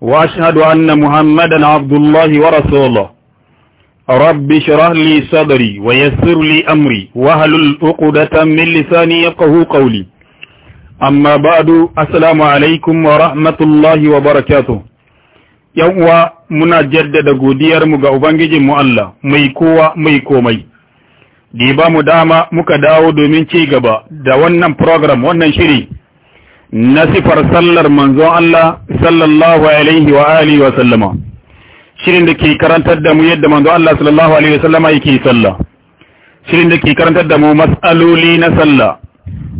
وأشهد أن محمدا عبد الله ورسوله رب اشرح لي صدري ويسر لي أمري وهل عقدة من لساني يفقه قولي أما بعد السلام عليكم ورحمة الله وبركاته يوم muna jaddada godiyarmu ga Ubangijinmu Allah mai kowa mai komai, da ba mu dama muka dawo domin ci gaba da wannan program wannan shiri na sifar sallar manzo Allah sallallahu alaihi wa alihi wa sallama shirin da ke karantar da mu yadda manzo Allah sallallahu alaihi wa sallama yake sallah shirin da ke karantar da mu mas'aloli na sallah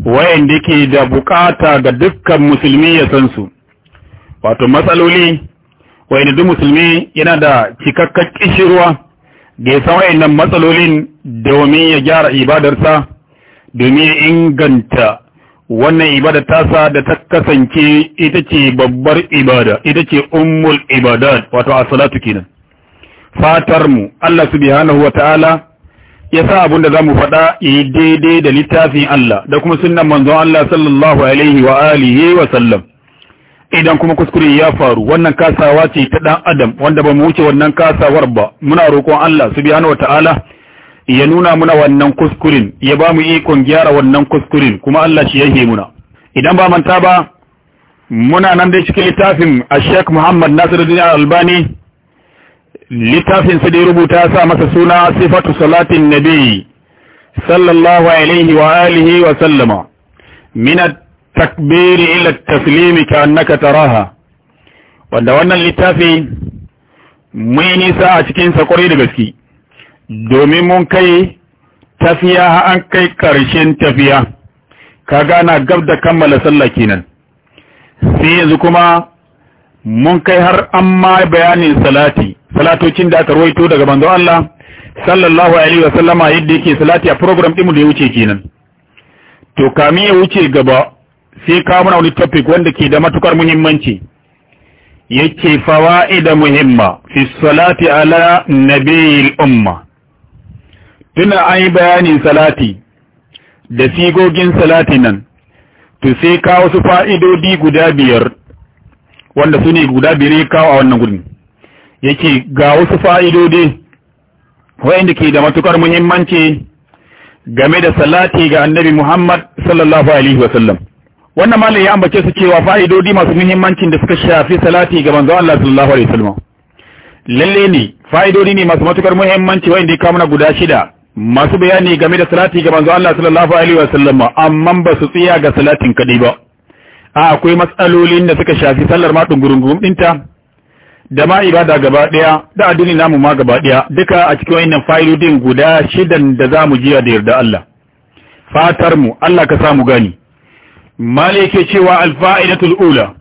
da ke da bukata ga dukkan musulmi ya san su wato matsaloli wayanda duk musulmi yana da cikakken kishirwa da ya san wayannan matsalolin domin ya gyara ibadarsa domin ya inganta wannan ibada tasa da ta kasance ita ce babbar ibada ita ce ummul ibadat wato as-salatu kenan fatar mu Allah subhanahu wataala ya sa abin da za mu faɗa yi daidai da littafin Allah da kuma sunan manzon Allah sallallahu alaihi wa alihi wa sallam idan kuma kuskure ya faru wannan kasawa ce ta dan adam wanda ba mu wuce wannan kasawar ba muna roƙon Allah subhanahu wataala ya nuna muna wannan kuskurin ya ba mu ikon gyara wannan kuskurin kuma Allah shi yake muna idan ba manta ba muna nan dai cikin littafin Sheikh Muhammad Nasiruddin Albani littafin sa da rubuta sa masa suna sifatu salatin nabi sallallahu alaihi wa alihi wa sallama min at-takbir ila at-taslim ka'annaka taraha wanda wannan littafi mun nisa a cikin sa kwarai da gaske domin mun kai tafiya an kai ƙarshen tafiya ka gana gab da kammala sallah kenan sai yanzu kuma mun kai har an ma bayanin salati salatocin da aka ruwaito daga manzo Allah sallallahu alaihi wasallama yadda yake salati a program din mu da ya wuce kenan to kamin ya wuce gaba sai ka muna wani topic wanda ke da matukar muhimmanci yake fawaida muhimma fi salati ala nabiyil umma tuna an yi bayanin salati da sigogin salati nan to sai kawo su fa'idodi guda biyar wanda su ne guda biyar ya kawo a wannan gudun yake ga wasu fa'idodi wa'inda ke da matukar muhimmanci game da salati ga annabi Muhammad sallallahu Alaihi wasallam wannan malai ya ambace su cewa fa'idodi masu muhimmancin da suka shafi salati ga manzo Allah sallallahu Alaihi wasallam lalle ne fa'idodi ne masu matukar muhimmanci wa'inda ya kawo guda shida masu bayani game da salati ga manzo Allah sallallahu alaihi wa sallama amma ba su tsaya ga salatin kadai ba a akwai matsalolin da suka shafi sallar ma dungurungum dinta da ma ibada gaba daya da addini namu ma gaba daya duka a cikin wannan fa'idodin guda shidan da zamu jiya da yarda Allah fatar mu Allah ka samu gani malike cewa alfa'idatul ula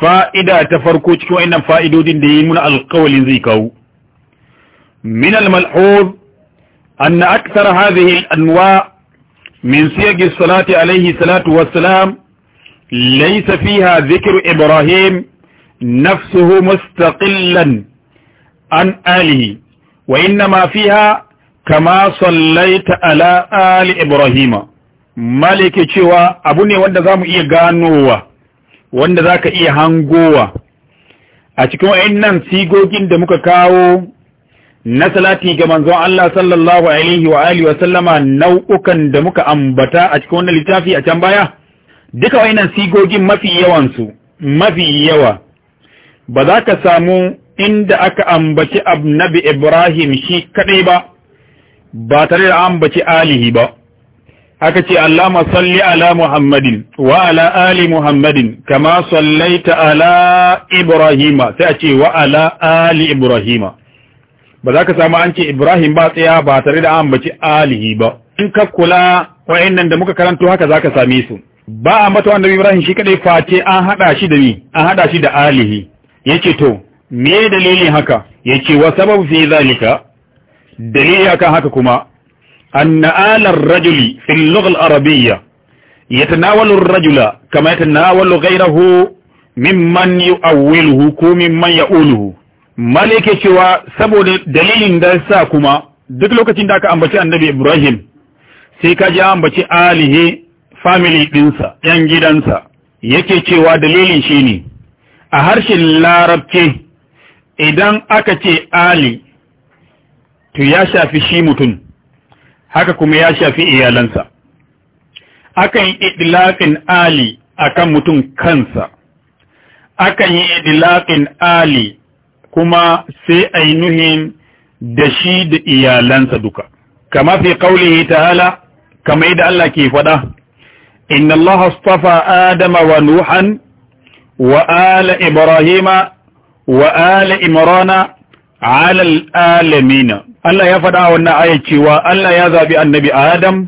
fa'ida ta farko cikin wannan fa'idodin da yi muna alƙawalin zai kawo min al-mal'ud أن أكثر هذه الأنواع من سياق الصلاة عليه الصلاة والسلام ليس فيها ذكر إبراهيم نفسه مستقلا عن آله وإنما فيها كما صليت على آل إبراهيم مالك شوى أبني وند ذام إيغانوا وند ذاك إيهانقوا أتكوا إنن سيقوكين دمك كاو na salati ga manzon Allah sallallahu alaihi wa alihi wa sallama nau'ukan da muka ambata a cikin wannan littafi a can baya duka wayannan sigogin mafi yawan su mafi yawa ba za ka samu inda aka ambaci annabi Ibrahim shi kadai ba ba tare da ambaci alihi ba aka ce Allahumma salli ala Muhammadin wa ala ali Muhammadin kama sallaita ala Ibrahima sai a ce wa ala ali Ibrahima ba za ka samu an ce Ibrahim ba tsaya ba tare da an baci alihi ba in ka kula wa'annan da muka karanto haka za ka same su ba a mata annabi Ibrahim shi kadai face an haɗa shi da ni an hada shi da alihi yace to me dalilin haka yace wa sababu fi zalika dalili akan haka kuma anna ala rajuli fi al arabiyya yatanawalu ar-rajula kama yatanawalu ghayrahu mimman yu'awwiluhu ko mimman ya'uluhu mala ke cewa saboda dalilin da sa kuma duk lokacin da aka ambaci annabi ibrahim sai ka ji ambaci alihi family ɗinsa yan gidansa yake cewa dalilin shi ne a harshen larabci idan aka ce ali to ya shafi shi mutum haka kuma ya shafi iyalansa akan yi idlaqin ali akan mutum kansa akan yi idlaqin ali kuma sai ainihin da shi da iyalansa duka kama fi qaulihi ta'ala kama da Allah ke faɗa inna Allah astafa adama wa nuhan wa ala ibrahima wa ala imrana ala alamina Allah ya faɗa wannan aya cewa Allah ya zaɓi annabi Adam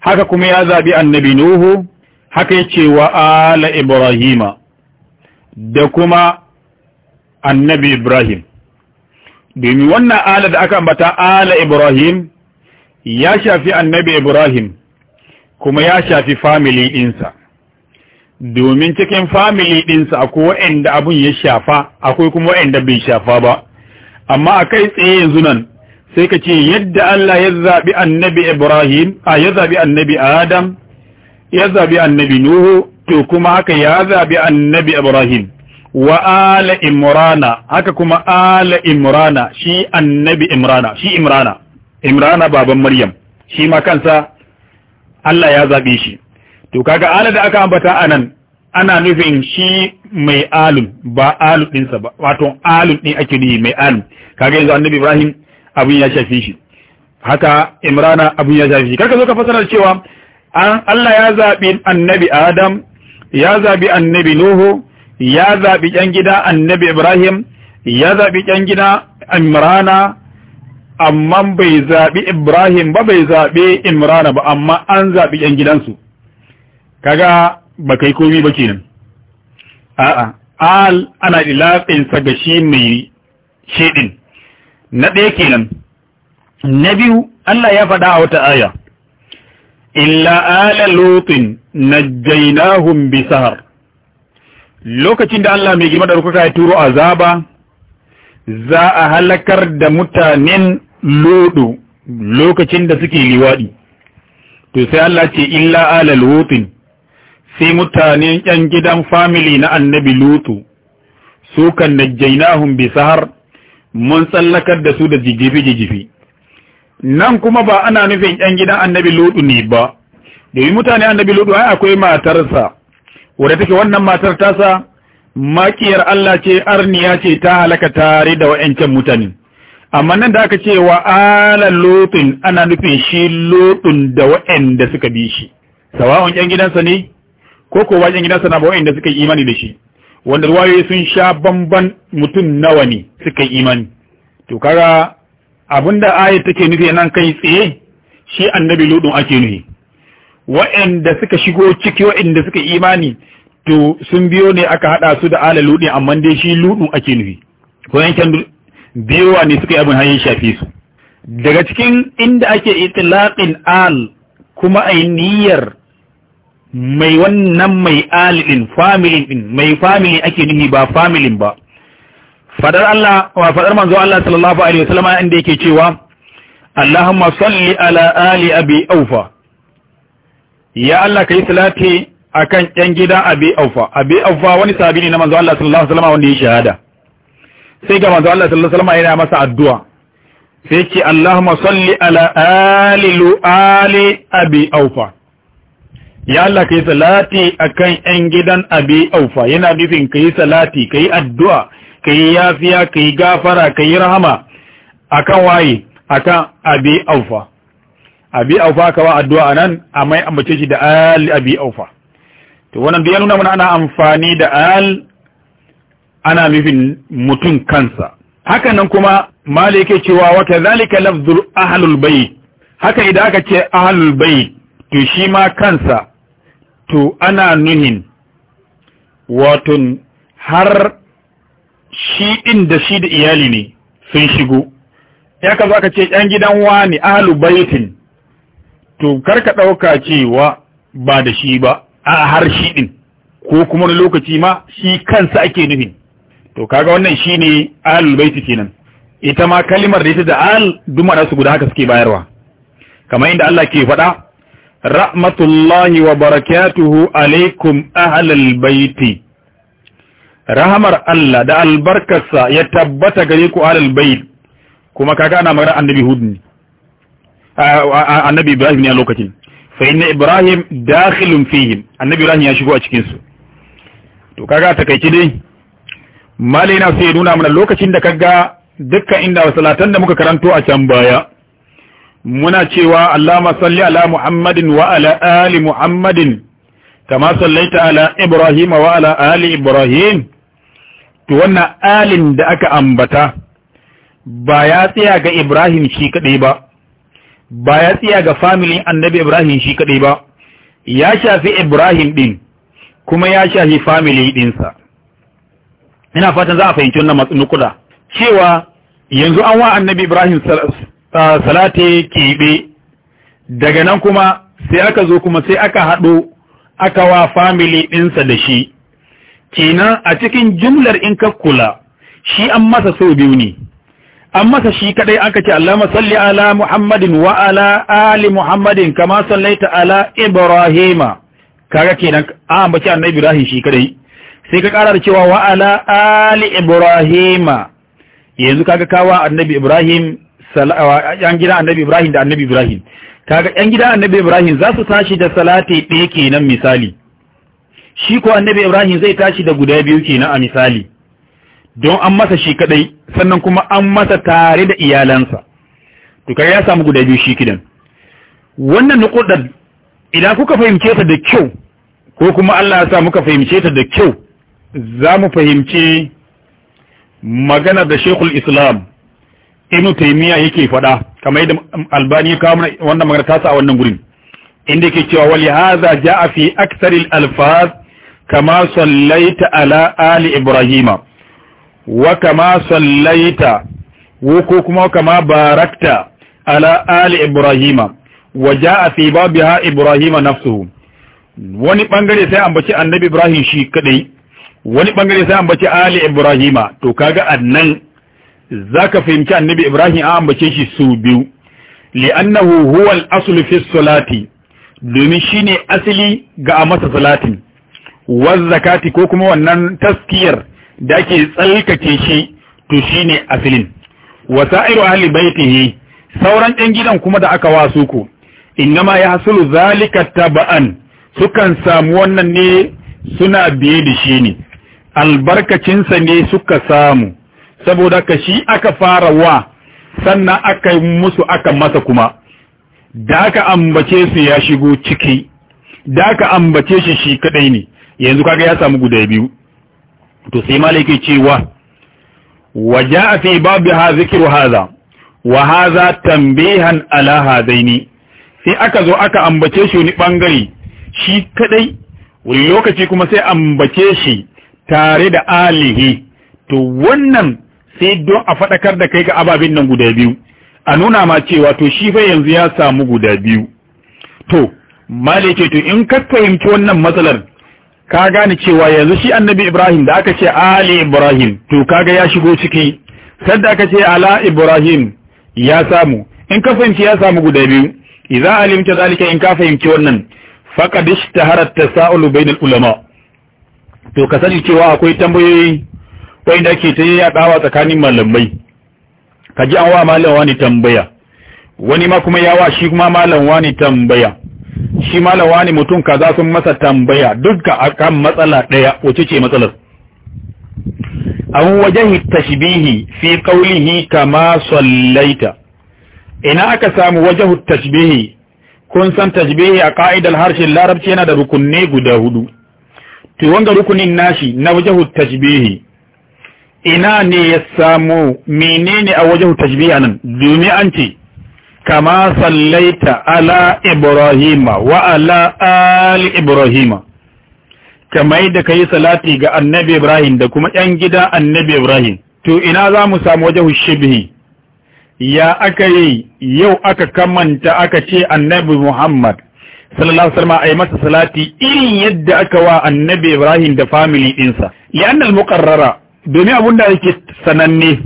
haka kuma ya zaɓi annabi Nuhu haka ya ce wa ala ibrahima da kuma annabi Ibrahim domin wannan ala da aka ambata ala Ibrahim ya shafi annabi Ibrahim kuma ya shafi family ɗinsa domin cikin family ɗinsa akwai waanda abun ya shafa akwai kuma waɗanda bai shafa ba amma a kai tsaye yanzu nan sai ka ce yadda Allah ya zaɓi annabi Ibrahim a ya zaɓi annabi Adam ya zaɓi annabi Nuhu to kuma haka ya zaɓi annabi Ibrahim wa ala imrana haka kuma ala imrana shi annabi imrana shi imrana imrana baban maryam shi ma kansa Allah ya zabe shi to kaga ala da aka ambata anan ana nufin shi mai alun ba alun dinsa ba wato alun ɗin ake nufi mai alun kaga yanzu annabi ibrahim abin ya shafi shi haka imrana abin ya shafi shi kaga zo ka fasara cewa Allah ya zabi annabi adam ya zabi annabi nuhu ya zaɓi ƴan gida annabi Ibrahim ya zaɓi ƴan gida Imrana amma bai zaɓi Ibrahim ba bai zaɓi Imrana ba amma an zaɓi ƴan gidansu kaga ba kai komi ba kenan a'a al ana ilafin sagashi ga shi mai shaɗin, na ɗaya kenan na biyu Allah ya faɗa a wata aya illa ala lutin na bi sahar lokacin da Allah mai gima da rukuka ya turo azaba za a halakar da mutanen lodo lokacin da suke liwaɗi to sai Allah ce illa ala lutin sai mutanen yan gidan family na annabi lutu su kan najjainahum bi sahar mun tsallakar da su da jijifi jijifi nan kuma ba ana nufin yan gidan annabi lutu ne ba yi mutane annabi lutu ai akwai matarsa wadda take wannan matar tasa makiyar Allah ce arniya ce ta halaka tare da wa'ancan mutane amma nan da aka ce wa ala ana nufin shi lutun da wa'anda suka bi shi sawa'un yan gidansa ne ko ko yan gidansa na ba wa'anda suka yi imani da shi wanda ruwayoyi sun sha bamban mutum nawa ne suka yi imani to kaga abinda ayat take nufi nan kai tsaye shi annabi lotin ake nufi wa'anda suka shigo ciki wa'anda suka imani to sun biyo ne aka hada su da ala ludin amma dai shi ludin ake nufi ko yankin biyowa ne suka yi abin hanyar shafi su daga cikin inda ake itlaqin al kuma ai niyyar mai wannan mai al din family din mai family ake nufi ba family ba fadar Allah wa fadar manzo Allah sallallahu alaihi wasallam inda yake cewa Allahumma salli ala ali abi aufa ya Allah yi salati akan ƴan gidan abi aufa abi aufa wani sabi ne na manzo Allah sallallahu alaihi wasallam wanda ya shahada sai ga manzo Allah sallallahu alaihi wasallam yana masa addu'a sai ce Allahumma salli ala ali ali abi aufa ya Allah yi salati akan ƴan gidan abi aufa yana nufin yi salati yi addu'a yi yafiya yi gafara yi rahama akan waye akan abi aufa abi aufa wa addu'a anan amma ya ambace shi da al abi aufa to wannan da ya nuna mana ana amfani da al ana nufin mutum kansa haka nan kuma mali yake cewa wa kadhalika lafzul ahlul bayt haka idan aka ce ahlul bayt to shi ma kansa to ana nuhin watun har shi din da shi da iyali ne sun shigo ya ka zo ce yan gidan wani ahlul baytin to ka ɗauka cewa ba da shi ba a har shi ɗin ko kuma wani lokaci ma shi kansa ake nufin to kaga wannan shi ne kenan ita ma kalimar da ita da al duma su guda haka suke bayarwa kamar inda Allah ke faɗa rahmatullahi wa barakatuhu alaikum ahlal baiti rahamar Allah da albarkarsa ya tabbata gare ku ahlal bait kuma kaga ana magana annabi hud annabi ibrahim ne a lokacin fa inna ibrahim dakhilun fihim annabi ibrahim ya shigo a cikin su to kaga takaice dai Mali na sai nuna mana lokacin da kaga dukkan inda salatan da muka karanto a can baya muna cewa Allahumma salli ala Muhammadin wa ala ali Muhammadin kama sallaita ala Ibrahim wa ala ali Ibrahim to wannan alin da aka ambata ba ya tsaya ga Ibrahim shi kadai ba ba ya tsiya ga familin annabi Ibrahim shi kaɗai ba ya shafi Ibrahim ɗin kuma ya shafi famili ɗinsa. ina fatan za a fahimci wannan matsunukuda cewa yanzu an wa annabi Ibrahim salate kebe daga nan kuma sai aka zo kuma sai aka haɗo aka wa famili ɗinsa da shi kenan a cikin jumlar in ka kula shi an masa sau biyu ne an masa shi kadai aka ce Allahumma salli ala Muhammadin wa ala ali Muhammadin kama sallaita ala Ibrahima kaga kenan a ambaci annabi Ibrahim shi kadai sai ka kara da cewa wa ala ali Ibrahima yanzu kaga kawa annabi Ibrahim yan gida annabi Ibrahim da annabi Ibrahim kaga yan gida annabi Ibrahim za su tashi da salati ɗaya kenan misali shi ko annabi Ibrahim zai tashi da guda biyu kenan a misali don an masa shi kaɗai sannan kuma an masa tare da iyalansa to ya samu guda biyu shi kidan wannan nukudar idan kuka fahimce ta da kyau ko kuma Allah ya sa muka fahimce ta da kyau za mu fahimci magana da shekul Islam inu Taymiyyah yake faɗa kamar yadda Albani ya kawo wannan magana ta a wannan gurin inda yake cewa wali ja a fi aksaril alfaz kama sallaita ala ali ibrahima wa kama sallaita wa ko kuma kama barakta ala ali ibrahima wa jaa fi babiha ibrahima nafsuhu wani bangare sai ambaci annabi ibrahim shi kadai wani bangare sai ambaci ali ibrahima to kaga annan zaka fahimci annabi ibrahim an ambace shi su biyu li'annahu huwa al-aslu fi salati domin shine asali ga a masa salatin wa zakati ko kuma wannan taskiyar da ke tsalkake shi to shi ne a shine asilin wa bai ta baitihi sauran ɗan gidan kuma da aka wasu ku In nama ya hasulu zalika taba'an sukan samu wannan ne suna biye da shi ne albarkacinsa ne suka samu saboda ka shi aka fara wa sannan aka yi musu aka masa kuma da aka ambace su ya shigo ciki da aka ambace shi shi kaɗai ne yanzu kaga ya samu guda biyu to sai malaki cewa waja fi babu ha wahaza. Wahaza wa haza tambihan ala hadaini sai aka zo aka ambace shi wani bangare shi kadai wani lokaci kuma sai ambace shi tare da alihi to wannan sai don a faɗakar da kai ga ababin nan guda biyu a nuna ma cewa to shi fa yanzu ya samu guda biyu to male to in ka fahimci wannan matsalar ka gane cewa yanzu shi annabi Ibrahim da aka ce Ali Ibrahim to kaga ya shigo ciki sadda aka ce ala Ibrahim ya samu in ka fahimci ya samu guda biyu idza alimta zalika in ka fahimci wannan faqad ishtaharat at-tasa'ul bainal ulama to ka sani cewa akwai tambayoyi da ke ta ya yadawa tsakanin malamai kaji an wa malam wani tambaya wani ma kuma ya wa shi kuma malam wani tambaya shi malawa ne mutum kaza sun masa tambaya dukka akan matsala ɗaya. wace ce matsalar an wajahi tashbihi fi qawlihi kama sallaita ina aka samu wajen tashbihi kun san tashbihi a ka'idar harshen larabci yana da rukunne guda hudu to wanga rukunin nashi na wajen tashbihi ina ne ya samu menene a wajen tashbihi anan domin an ce kama sallaita ala ibrahima wa ala ali ibrahima kamar da kayi salati ga annabi ibrahim da kuma yan gida annabi ibrahim to ina za mu samu wajen shibhi ya aka yau aka kamanta aka ce annabi muhammad sallallahu alaihi wasallam ayi masa salati irin yadda aka wa annabi ibrahim da family dinsa li'anna al-muqarrara domin abunda yake sananne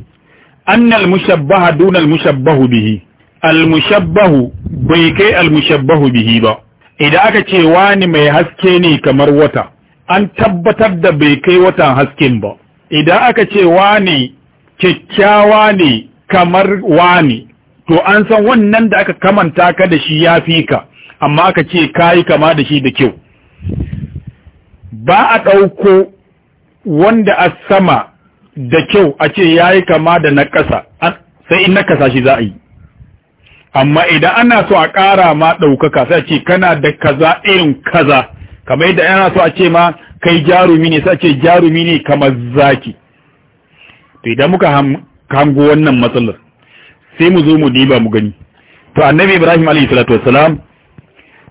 annal mushabbaha dunal mushabbahu bihi almushabbahu bai kai almushabbahu bihi ba idan aka ce wani mai haske ne kamar wata an tabbatar da bai kai watan hasken ba idan aka ce wani kyakkyawa ne kamar wani to an san wannan da aka kamanta ka da shi ya fi ka amma aka ce kayi kama da shi da kyau ba a ɗauko wanda a sama da kyau a ce ya yi kama da na ƙasa sai in na ƙasa shi za a yi amma idan ana so a ƙara ma ɗaukaka sai ce kana da kaza irin kaza kamar yadda ana so a ce ma kai jarumi ne sai ce jarumi ne kamar zaki to idan muka hango wannan matsalar sai mu zo mu diba mu gani to annabi Ibrahim alayhi salatu wassalam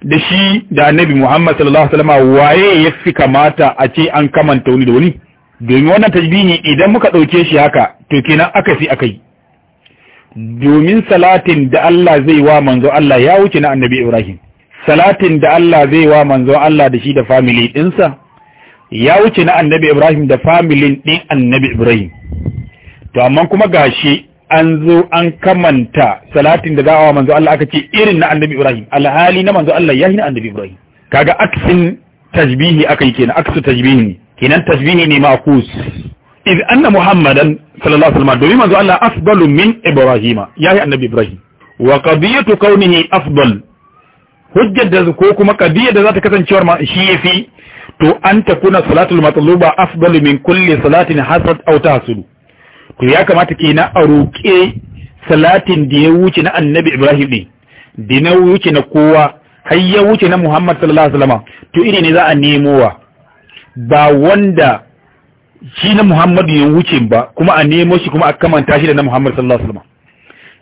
da shi da annabi Muhammad sallallahu alaihi wasallam waye ya fi kamata a ce an kamanta wani da wani domin wannan tajbi ne idan muka ɗauke shi haka to kenan aka fi akai domin salatin da Allah zai wa manzo Allah ya wuce na annabi Ibrahim salatin da Allah zai wa manzo Allah da shi da family ɗinsa ya wuce na annabi Ibrahim da family ɗin annabi Ibrahim to amma kuma gashi an zo an kamanta salatin da za a wa manzo Allah aka ce irin na annabi Ibrahim alhali na manzo Allah yahi na annabi Ibrahim kaga aksin tajbihi aka yi kenan aksu tajbihi kenan tajbihi ne ma'kus iz anna muhammadan sallallahu alaihi wasallam domin manzo Allah afdalu min ibrahima yayi annabi ibrahim wa qadiyatu kaunihi afdal hujjar da ko kuma qadiyar da zata kasancewar ma shi yafi to an takuna salatul matluba afdalu min kulli salatin hasad aw to ya kamata na a salatin da ya wuce na annabi ibrahim din da na wuce na kowa har ya wuce na muhammad sallallahu alaihi wasallam to iri ne za a nemo wa ba wanda shi na Muhammadu ya wuce ba kuma a nemo shi kuma a kamanta shi da na Muhammad sallallahu alaihi wasallam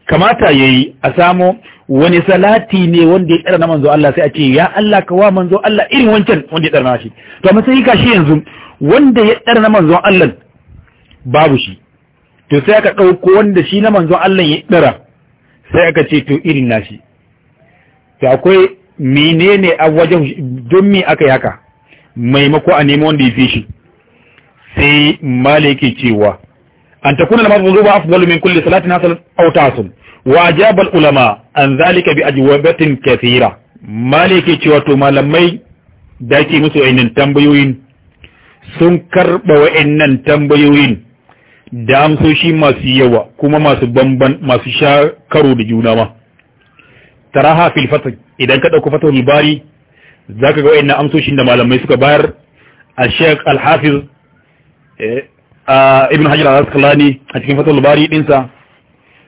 kamata yayi a samo wani salati ne wanda ya tsara na manzo Allah sai a ce ya Allah ka wa manzo Allah irin wancan wanda ya tsara na shi to amma sai ka shi yanzu wanda ya tsara na manzo Allah babu shi to sai aka dauko wanda shi na manzo Allah ya tsara sai aka ce to irin nashi to akwai menene a wajen don me aka yi haka maimako a nemo wanda ya fi shi sai maliki cewa an takuna namaz wuduba afdalu min kulli salatin hasal aw wa ajaba ulama an zalika bi ajwabatin kathira maliki cewa to malamai da ke musu ainin tambayoyin sun karba wa'annan tambayoyin da amsoshi masu yawa kuma masu bamban masu sha karo da juna ma taraha fil fatah idan ka dauko fatahul bari zaka ga wa'annan amsoshin da malamai suka bayar al-sheikh al Eh, ibn hajar al-asqalani a cikin fatul bari dinsa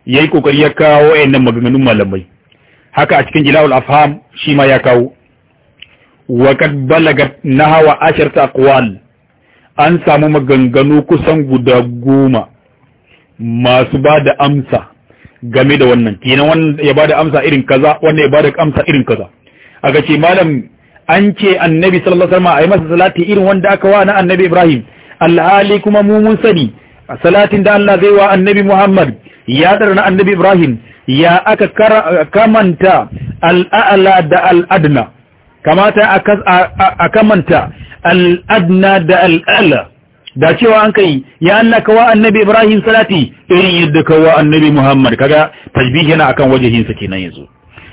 yayi kokari ya kawo wayannan maganganun malamai haka a cikin jila'ul afham shi ma ya kawo wa kad balagat nahwa asharta aqwal an samu maganganu kusan guda goma masu ba da amsa game da wannan kenan wannan ya ba da amsa irin kaza wannan ya ba da amsa irin kaza aka ce malam an ce annabi sallallahu alaihi wasallam ayi masa salati irin wanda aka wa na annabi ibrahim alhali kuma mumun sani a salatin da Allah zai wa annabi Muhammad ya na annabi Ibrahim ya aka kamanta al'a'la da al'adna kamata a kamanta al'adna da al'ala da cewa an kai ya Allah kawa annabi Ibrahim salati irin yadda kawa annabi Muhammad kaga tajbihi yana akan wajehinsa kenan yanzu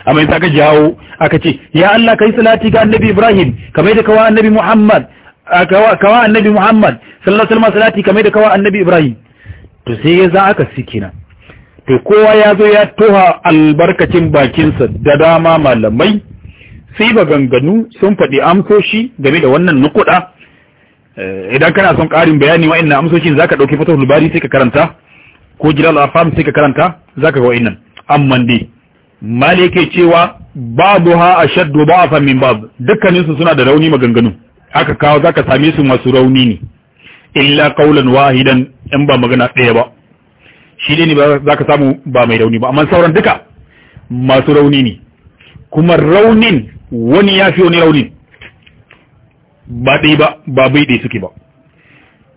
amma in ka jawo aka ce ya Allah kai salati ga annabi Ibrahim kamar da kawa annabi Muhammad kawa annabi Muhammad sallallahu alaihi wasallam salati kamar da kawa annabi Ibrahim to sai ya za aka sikina to kowa ya zo ya toha albarkacin bakinsa da dama malamai sai ba ganganu sun faɗi amsoshi game da wannan nukuda eh, idan kana son ƙarin bayani wa'annan amsoshin zaka dauki fatahul bari sai ka karanta ko jilal afam sai ka karanta zaka ga wa'annan amman dai mali yake cewa babu ha ashaddu ba'afan min bab dukkaninsu suna da rauni maganganun aka kawo zaka same su masu rauni ne illa qaulan wahidan in ba magana ɗaya ba shi ne zaka samu ba mai rauni ba amma sauran duka masu rauni ne kuma raunin wani ya fi wani raunin ba ɗaya ba ba bai ɗaya suke ba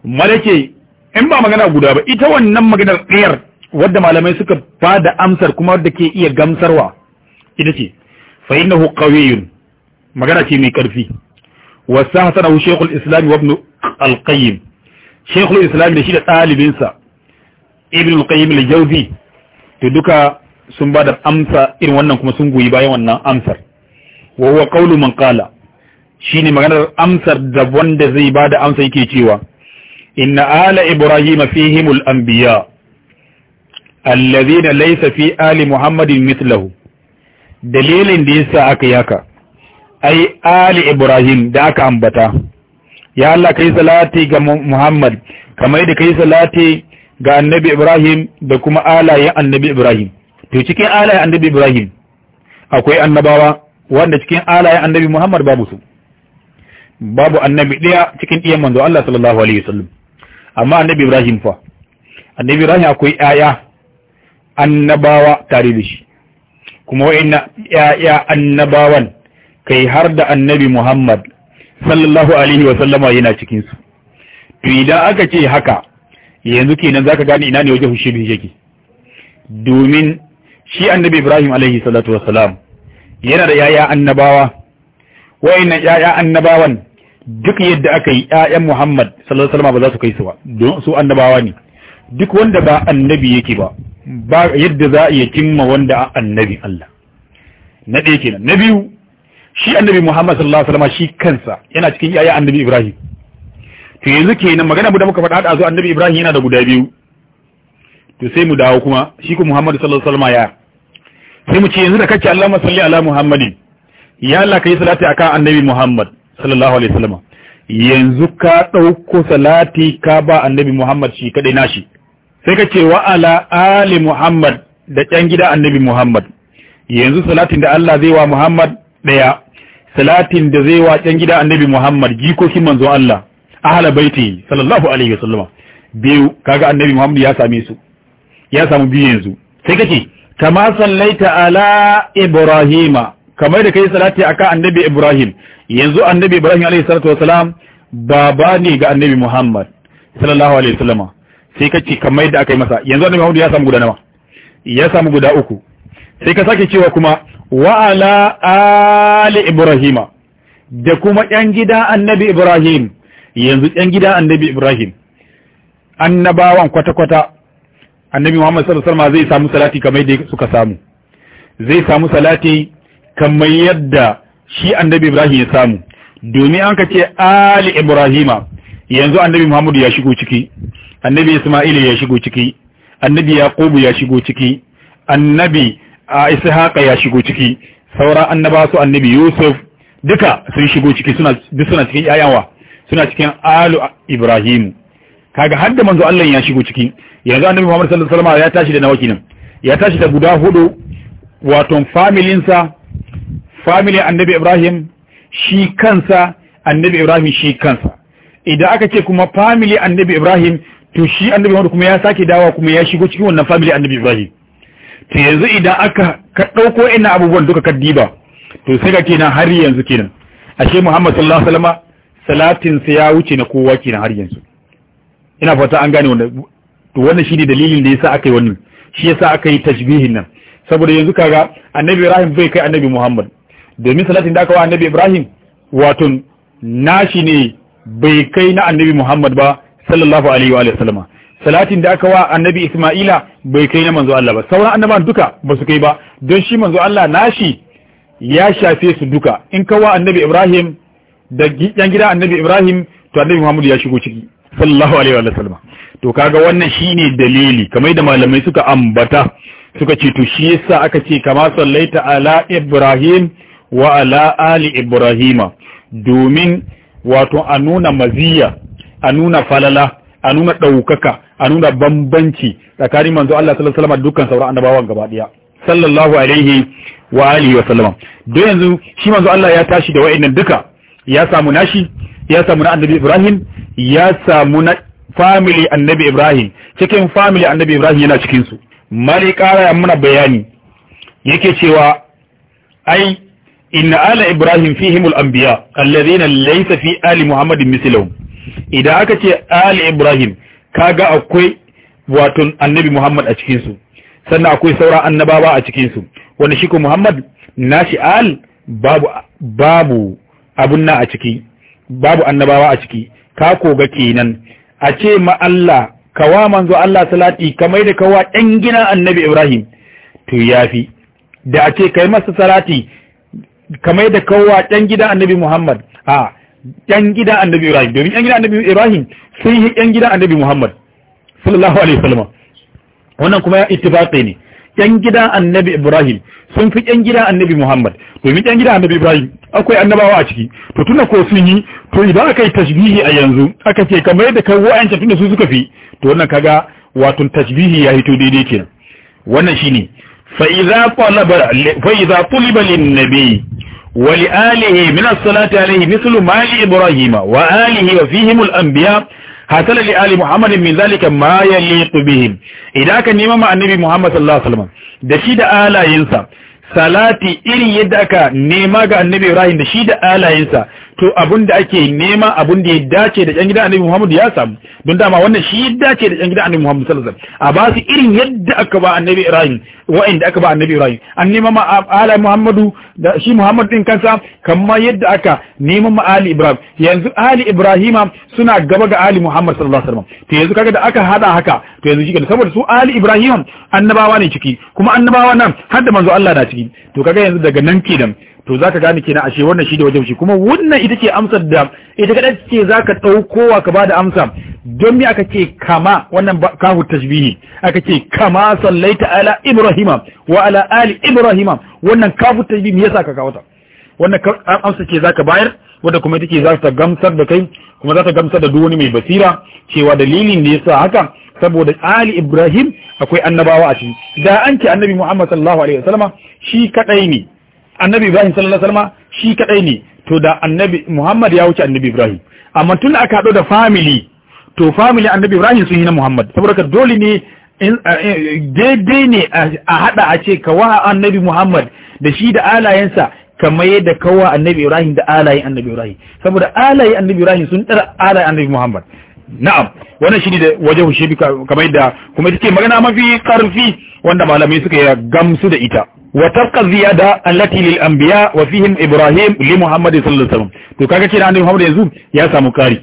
malake in ba magana guda ba ita wannan maganar ɗayar wadda malamai suka ba da amsar kuma wadda ke iya gamsarwa ita ce fa innahu qawiyyun magana ce mai karfi wasahsanahu shaykhul islam ibn al-qayyim shaykhul islam da shi da ɗalibinsa sa ibn al-qayyim al-jawzi to duka sun bada amsa irin wannan kuma sun goyi bayan wannan amsar wa huwa qawlu man qala shine maganar amsar da wanda zai bada amsa yake cewa inna ala ibrahima fihimul anbiya alladhina laysa fi ali muhammadin mithluhu dalilin da yasa aka yaka ai ali ibrahim da aka ambata ya Allah kai salati ga muhammad kamar da kai salati ga annabi ibrahim da kuma alayen annabi ibrahim to cikin alayen annabi ibrahim akwai annabawa wanda cikin alayen annabi muhammad babu su babu annabi ɗaya cikin iyan manzo Allah sallallahu alaihi wasallam amma annabi ibrahim fa annabi ibrahim akwai ƴaƴa annabawa tare da shi kuma wa'annan ƴaƴa annabawan kai har da annabi Muhammad sallallahu alaihi wa sallama yana cikin su to idan aka ce haka yanzu kenan zaka gane ina ne wajen shirhi yake domin shi annabi Ibrahim alaihi salatu wa salam yana da yaya annabawa wayannan yaya annabawan duk yadda aka yi yayan Muhammad sallallahu alaihi wasallam ba za su kai su ba don su annabawa ne duk wanda ba annabi yake ba ba yadda za a iya cimma wanda annabi Allah na ɗaya kenan na biyu shi annabi Muhammad sallallahu alaihi wasallam shi kansa yana cikin yaya annabi Ibrahim to yanzu kenan magana mu da muka faɗa da azu annabi Ibrahim yana da guda biyu to sai mu dawo kuma shi ko Muhammad sallallahu alaihi wasallam ya sai mu ce yanzu da kace Allahumma salli ala Muhammadin ya Allah kai salati akan annabi Muhammad sallallahu alaihi wasallam yanzu ka dauko salati ka ba annabi Muhammad shi kadai nashi sai ka ce wa ala ali Muhammad da ƴan gida annabi Muhammad yanzu salatin da Allah zai wa Muhammad daya salatin da zai waken gida annabi Muhammad jikokin manzo Allah ahla baiti sallallahu alaihi wasallama biyu kaga annabi Muhammad ya same su ya samu biyu yanzu sai kace kama sallaita ala ibrahima kamar da kai salati aka annabi Ibrahim yanzu annabi Ibrahim alaihi salatu wasalam baba ne ga annabi Muhammad sallallahu alaihi wasallama sai kace kamar da aka yi masa yanzu annabi Muhammad ya samu guda nawa ya samu guda uku sai ka sake cewa kuma Wa'ala ala ali ibrahima da kuma ƴan gida annabi ibrahim yanzu ƴan gida annabi ibrahim annabawan kwata-kwata annabi muhammad sallallahu alaihi zai samu salati kamar yadda suka samu zai samu salati kamar yadda shi annabi ibrahim ya samu domin an ka ce ali ibrahima yanzu annabi muhammadu ya shigo ciki annabi Isma'il ya shigo ciki annabi yaqubu ya shigo ciki annabi a ishaqa ya shigo ciki saura annaba su annabi yusuf duka sun shigo ciki suna duk suna cikin yayawa suna cikin alu ibrahim kaga hadda manzo Allah ya shigo ciki yanzu annabi Muhammad sallallahu alaihi wasallam ya tashi da nawaki nan ya tashi da guda hudu wato familin sa family annabi Ibrahim shi kansa annabi Ibrahim shi kansa idan aka ce kuma family annabi Ibrahim to shi annabi Muhammad kuma ya sake dawa kuma ya shigo cikin wannan family annabi Ibrahim to yanzu idan aka ka ɗauko ina abubuwan duka ka diba to sai ka kenan har yanzu kenan ashe Muhammad sallallahu alaihi wasallam salatin sa ya wuce na kowa kenan har yanzu ina fata an gane wannan to wannan shine dalilin da yasa aka yi wannan shi yasa aka yi tashbihin nan saboda yanzu kaga annabi Ibrahim bai kai annabi Muhammad domin salatin da aka wa annabi Ibrahim wato nashi ne bai kai na annabi Muhammad ba sallallahu alaihi wa sallama salatin da aka wa annabi Isma'ila bai kai na manzo Allah ba sauran annaban duka ba su kai ba don shi manzo Allah nashi ya shafe su duka in ka wa annabi Ibrahim da yan gida annabi Ibrahim to annabi Muhammad ya shigo ciki sallallahu alaihi wa sallam to kaga wannan shine dalili kamar da malamai suka ambata suka ce to shi yasa aka ce kama sallaita ala Ibrahim wa ala ali Ibrahima domin wato a nuna maziya a nuna falala a nuna ɗaukaka a nuna bambanci tsakanin manzo Allah sallallahu alaihi wasallam dukkan sauran annabawan gaba daya sallallahu alaihi wa alihi don yanzu shi manzo Allah ya tashi da wa'annan duka ya samu nashi ya samu na annabi Ibrahim ya samu na family annabi Ibrahim cikin family annabi Ibrahim yana cikin su mali kara ya muna bayani yake cewa ai inna ala Ibrahim fihimul anbiya alladhina laysa fi ali Muhammadin mislahum idan aka ce ali Ibrahim kaga akwai wato annabi Muhammad a cikin su sannan akwai saura annabawa a cikin su wanda shi ko Muhammad nashi al babu babu abun a ciki babu annabawa a ciki ka koga kenan a ce ma Allah kawa manzo Allah salati kamar da kawa ɗan gina annabi Ibrahim to yafi da a ce kai masa salati kamar da kawa ɗan gidan annabi Muhammad A'a. yan gida annabi Ibrahim domin yan gida annabi Ibrahim sun yi yan gida annabi Muhammad sallallahu alaihi wasallam wannan kuma ya ittifaqi ne yan gida annabi Ibrahim sun fi yan gida annabi Muhammad domin yan gida annabi Ibrahim akwai annabawa a ciki to tunda ko sun yi to idan aka yi tashbihi a yanzu aka ce kamar yadda kan wa'ancan tunda su suka fi to wannan kaga wato tashbihi ya hito daidai kenan wannan shine fa idza talaba fa idza tuliba lin ولآله من الصلاة عليه مثل مال إبراهيم وآله وفيهم الأنبياء حصل لآل محمد من ذلك ما يليق بهم إذا كان نمام النبي محمد صلى الله عليه وسلم دشيد آلا ينسى salati irin yadda aka nema ga annabi Ibrahim da shi da alayensa to abun da ake nema abun da ya dace da ƴan gidan annabi Muhammad ya samu don dama wannan shi ya dace da ƴan gidan annabi Muhammad sallallahu alaihi wasallam a ba su irin yadda aka ba annabi Ibrahim wa'inda aka ba annabi Ibrahim an nema ma ala Muhammadu da shi Muhammad din kansa kamar yadda aka nema ma ali Ibrahim yanzu ali Ibrahim suna gaba ga ali Muhammad sallallahu alaihi wasallam to yanzu kaga da aka hada haka to yanzu shi saboda su ali Ibrahim annabawa ne ciki kuma annabawa nan har da manzo Allah da ciki shi to kaga yanzu daga nan kenan to zaka gane kenan ashe wannan shi da wajen shi kuma wannan ita ce amsar da ita kada ce zaka daukowa ka bada amsa don me aka ce kama wannan kahu tashbihi aka ce kama sallaita ala ibrahima wa ala ali ibrahima wannan kahu tashbihi me yasa ka kawo ta wannan amsa ce zaka bayar wanda kuma ita ce za ta gamsar da kai kuma za ta gamsar da duk wani mai basira cewa dalilin da yasa haka saboda ali ibrahim akwai annabawa a ciki da an ce annabi muhammad sallallahu alaihi wasallama shi kadai ne annabi ibrahim sallallahu alaihi wasallam shi kadai ne to da annabi muhammad ya wuce annabi ibrahim amma tun da aka hado da family to family annabi ibrahim sun yi na muhammad saboda dole ne daidai ne a hada a ce kawa annabi muhammad da shi da alayensa kamar yadda kawa annabi ibrahim da alayen annabi ibrahim saboda alayen annabi ibrahim sun dara alayen annabi muhammad na'am wannan ne da waje hushe kamar yadda kuma ita ce magana mafi karfi wanda malamai suka gamsu da ita وتبقى الزيادة التي للأنبياء وفيهم Ibrahim لمحمد صلى الله عليه وسلم to kaga kira annabi Muhammad yanzu ya samu kari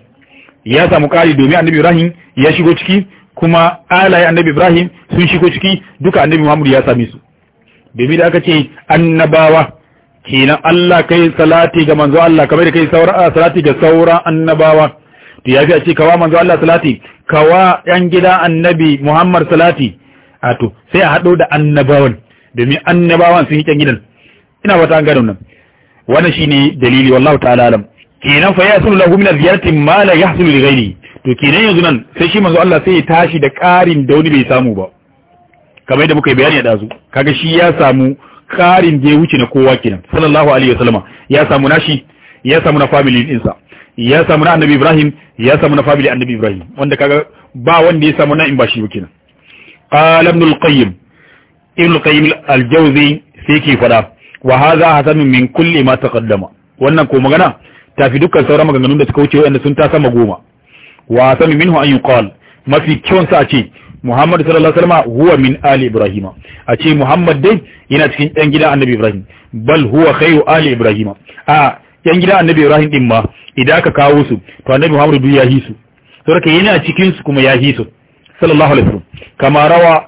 ya samu kari domin annabi Ibrahim ya shigo ciki kuma alaye annabi Ibrahim sun shigo ciki duka annabi Muhammad ya same su domin da aka ce annabawa kenan Allah kai salati ga manzo Allah kamar da kai salati ga sauran annabawa to yafi a ce kawa manzo Allah salati kawa yan gida annabi Muhammad salati ato sai a hado da annabawan domin annabawan sun yi kyan gidan ina fata an gano nan wannan shine dalili wallahu ta'ala alam kenan fa yasulu lahu min ziyarati ma la yahsulu li ghairi to kenan yanzu nan sai shi manzo Allah sai ya tashi da ƙarin da wani bai samu ba kamar yadda muka yi bayani a dazu kaga shi ya samu ƙarin da ya wuce na kowa kenan sallallahu alaihi wasallama ya samu nashi ya samu na family ɗinsa ya samu na annabi Ibrahim ya samu na family annabi Ibrahim wanda kaga ba wanda ya samu na in ba shi ba kenan qala ibn al-qayyim ibn qayyim al-jawzi sai ke fada wa hadha hasanun min kulli ma taqaddama wannan ko magana ta fi dukkan sauran maganganun da suka wuce wanda sun ta sama goma wa hasanun minhu an yuqal mafi kyawun sa a ce Muhammad sallallahu alaihi wasallam huwa min ali Ibrahim a ce Muhammad dai yana cikin ɗan gida Annabi Ibrahim bal huwa khayru ali Ibrahim a ɗan gida Annabi Ibrahim din ma idan ka kawo su to Annabi Muhammad duk ya hisu saboda yana cikin su kuma ya hisu sallallahu alaihi wasallam kama rawa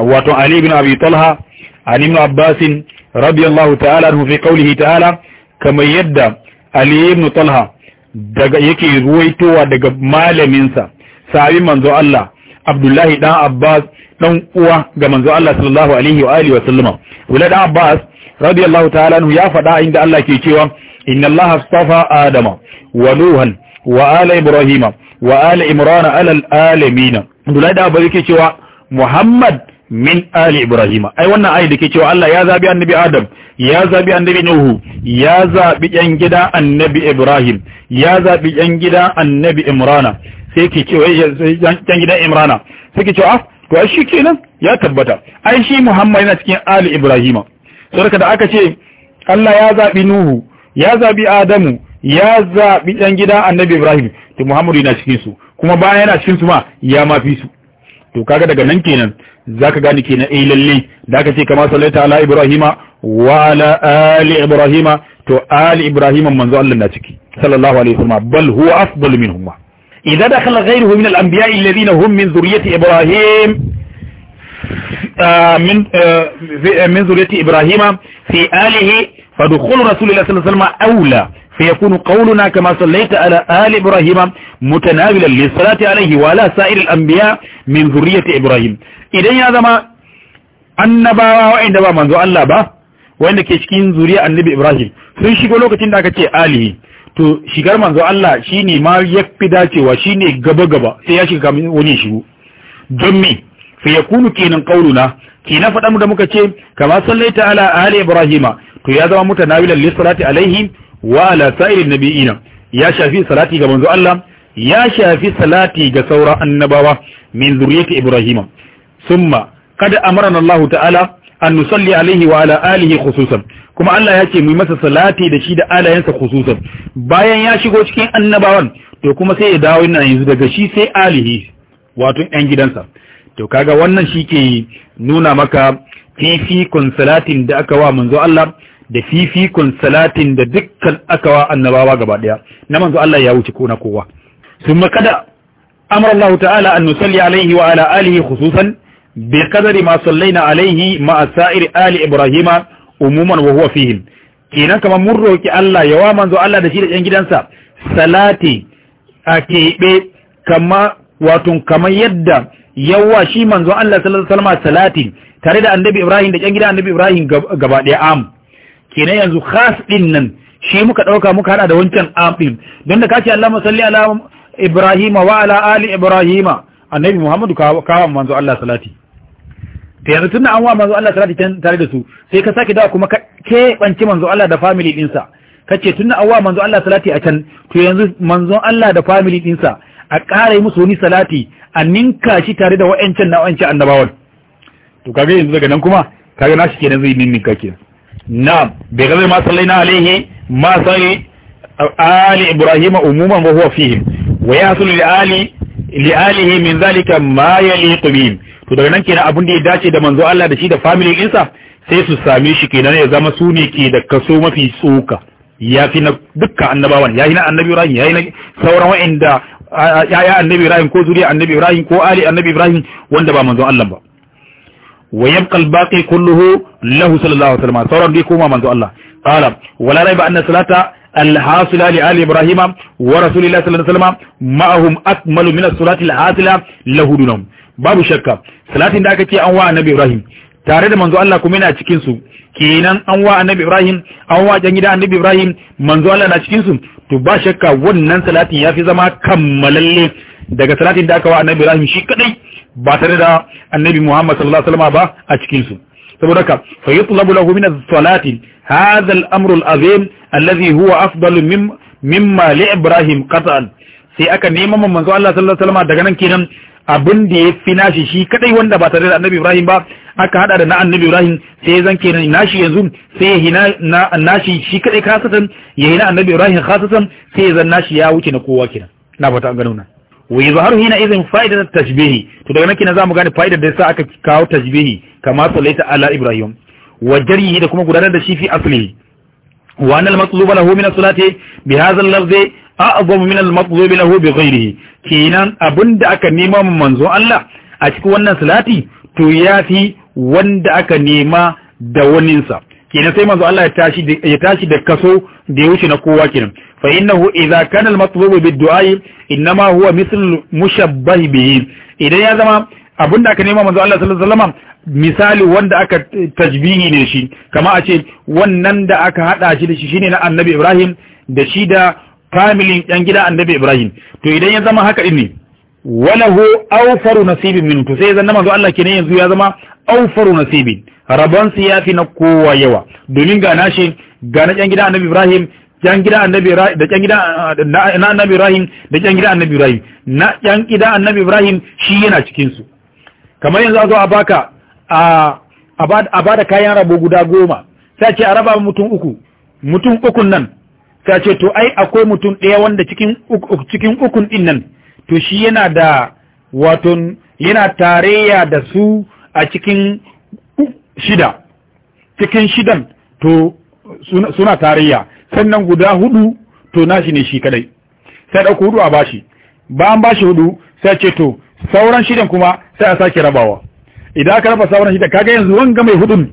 wato Ali ibn Abi Talha an ibn Abbas radiyallahu ta'ala anhu fi qawlihi ta'ala kama yadda Ali ibn Talha daga yake ruwaitowa daga malamin sa sahabi manzo Allah Abdullahi dan Abbas dan uwa ga manzo Allah sallallahu alaihi wa alihi wa sallama wala dan Abbas radiyallahu ta'ala anhu ya fada inda Allah ke cewa inna Allah astafa Adama wa Nuhan wa ala Ibrahim wa ala Imran ala alamin Abdullahi dan Abbas yake cewa Muhammad min ali ibrahima ai wannan ayi dake cewa Allah ya zabi annabi adam ya zabi annabi nuhu ya zabi yan gida annabi ibrahim ya zabi yan gida annabi imrana sai ke cewa yan eh, gida imrana sai ke cewa ah, to ai kenan ya tabbata ai shi muhammad yana cikin ali ibrahima saboda da aka ce Allah ya zabi nuhu ya zabi adamu ya zabi yan gida annabi ibrahim to muhammad yana cikin su kuma bayan yana cikin su ma ya mafi su to kaga daga nan kenan zaka gani kina eh lalle da aka ce kama sallaita ala ibrahima wa ala ali ibrahima to ali ibrahima manzo Allah na ciki sallallahu alaihi wasallam bal huwa afdal minhum idza dakhala ghayruhu min al-anbiya alladhina hum min zurriyyati ibrahim من من ذرية إبراهيم في آله فدخول رسول الله صلى الله عليه وسلم أولى فيكون قولنا كما صليت على آل إبراهيم متناولا للصلاة عليه وعلى سائر الأنبياء من ذرية إبراهيم إذن هذا annabawa wa'inda ba manzo Allah ba wa'inda ke cikin zuriya annabi Ibrahim sun shigo lokacin da aka ce alihi to shigar manzo Allah shine ma yafi dacewa shine gaba gaba sai ya shiga kamin wani shigo don me yakunu kenan qauluna kina faɗa da muka ce kama sallaita ala ali to ya zama mutanawilan li salati alaihi wa ala sa'irin nabiyina ya shafi salati ga manzo Allah ya shafi salati ga saura annabawa min zuriyati ibrahima summa kada amarna Allah ta'ala an nusalli alayhi wa ala alihi khususan kuma Allah ya ce mu masa salati da shi da alayansa khususan bayan ya shigo cikin annabawan to kuma sai ya dawo ina yanzu daga shi sai alihi wato ɗan gidansa to kaga wannan shi ke nuna maka fifikon salatin da aka wa manzo Allah da fifikon salatin da dukkan akawa annabawa gaba daya na manzo Allah ya wuce kona kowa sun kada amara Allah ta'ala an nusalli alaihi wa ala alihi khususan bi qadari ma sallaina alaihi ma sa'ir ali ibrahima umuman wa huwa fihim kenan kamar mun roki Allah ya wa manzo Allah da shi da yan gidansa salati a keɓe kama wato kamar yadda yawa shi manzo Allah sallallahu alaihi wasallam salati tare da annabi Ibrahim da yan gidan annabi Ibrahim gaba daya am kenan yanzu khas din nan shi muka ɗauka muka hada da wancan amfin don da kace Allah salli ala Ibrahima wa ala ali Ibrahima annabi Muhammadu kawo manzo Allah salati ta yanzu tunda an wa manzo Allah salati tare da su sai ka sake dawa kuma ka kebanci manzo Allah da family dinsa kace tunda an wa manzo Allah salati a can to yanzu manzo Allah da family dinsa a ƙara musu wani salati a ninka shi tare da wa'ancan na wa'ancan annabawan to kaga yanzu daga nan kuma kaga nashi kenan zai ninninka kenan na'am bi ghayri ma sallaina alayhi ma sai ali ibrahim umuman wa huwa wa yahsul li ali li alihi min zalika ma yaliqu bihim to daga nan kenan abun ya dace da manzo Allah da shi da family ɗinsa sai su same shi kenan ya zama su ke da kaso mafi tsoka ya na dukkan annabawan ya yi na annabi Ibrahim ya yi na sauran wa'inda ya annabi Ibrahim ko annabi Ibrahim ko ali annabi Ibrahim wanda ba manzon Allah ba wa yabqa al-baqi kulluhu lahu sallallahu alaihi wasallam sauran dai kuma manzo Allah qala wala raiba anna salata الحاصلة لآل إبراهيم ورسول الله صلى الله عليه وسلم معهم أكمل من الصلاة الحاصلة له دونهم babu shakka salatin da aka ce an wa annabi Ibrahim tare da manzo Allah kuma yana cikin su kenan an wa annabi Ibrahim an wa jan gida annabi Ibrahim manzo Allah na cikin su to ba shakka wannan salatin yafi zama kammalalle daga Talatin da aka wa annabi Ibrahim shi kadai ba tare da annabi Muhammad sallallahu alaihi wasallam ba a cikin su saboda ka fa yutlabu lahu min as-salati hadha al-amr al-azim alladhi huwa afdal min mimma li Ibrahim qat'an sai aka neman manzo Allah sallallahu alaihi wasallam daga nan kenan abin da ya fi nashi shi kadai wanda ba tare da annabi Ibrahim ba aka hada da na annabi Ibrahim sai zan kenan nashi yanzu sai ya hina na nashi shi kadai khasatan ya hina annabi Ibrahim khasatan sai zan nashi ya wuce na kowa kenan na fata an gano nan wa yuzharu hina idhin fa'idat at-tashbih to daga nan kina zamu gane fa'idar da yasa aka kawo tashbihi kama sallaita ala ibrahim wa jarihi da kuma gudanar da shi fi asli wa anna al-matluba lahu min as-salati bi hadha al-lafz a'zamu min al-matlub lahu bi ghayrihi kinan abinda aka nema mun manzo Allah a cikin wannan salati to yafi wanda aka nema da waninsa kenan sai manzo Allah ya tashi da kaso da ya wuce na kowa kenan فإنه إذا كان المطلوب بالدعاء إنما هو مثل مشبه به إذا يا زمان abin da aka nema manzo Allah sallallahu alaihi misali wanda aka tajbihi ne shi kama a ce wannan da aka hada shi da shi shine na Annabi Ibrahim da shi da familin yan gida Annabi Ibrahim to idan ya zama haka din ne walahu awfaru nasibin min to sai zan manzo Allah kenan yanzu ya zama awfaru nasibin rabon ya fi na kowa yawa domin ga nashi ga na gida Annabi Ibrahim kyan gida ah, annabi Ibrahim da kyan gida annabi Ibrahim da annabi Ibrahim na annabi Ibrahim shi yana cikin su kamar yanzu a zo a baka a a bada kayan rabo guda goma sai ce a raba mutum uku mutum ukun nan sai ce to ai akwai mutum ɗaya wanda cikin cikin ukun din nan to shi yana da wato yana tarayya da su a cikin shida cikin shidan to suna tarayya sannan guda hudu to nashi ne shi kadai sai dauko hudu a bashi bayan bashi hudu sai ce to sauran shidan kuma sai a sake rabawa idan aka raba sauran shidan kaga yanzu wanga mai hudun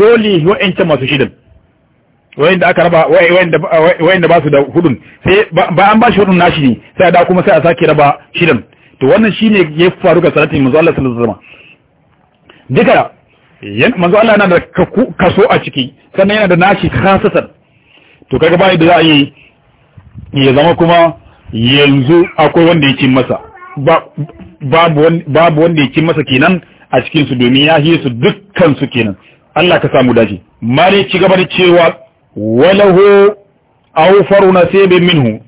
dole wa'ancan masu shidan wayanda aka raba wayanda ba su da hudun sai bayan bashi hudun nashi ne sai a da kuma sai a sake raba shidan to wannan shine ya faru ga salatin manzo Allah sallallahu alaihi wasallam duka manzo Allah yana da kaso a ciki sannan yana da nashi khasatan to kaga ba da za a yi ya zama kuma yanzu akwai wanda ya cin masa babu wanda ya cin masa kenan a cikinsu domin ya hiye su dukkan kenan Allah ka samu dace mare ci gaba da cewa walahu awfaru nasibin minhu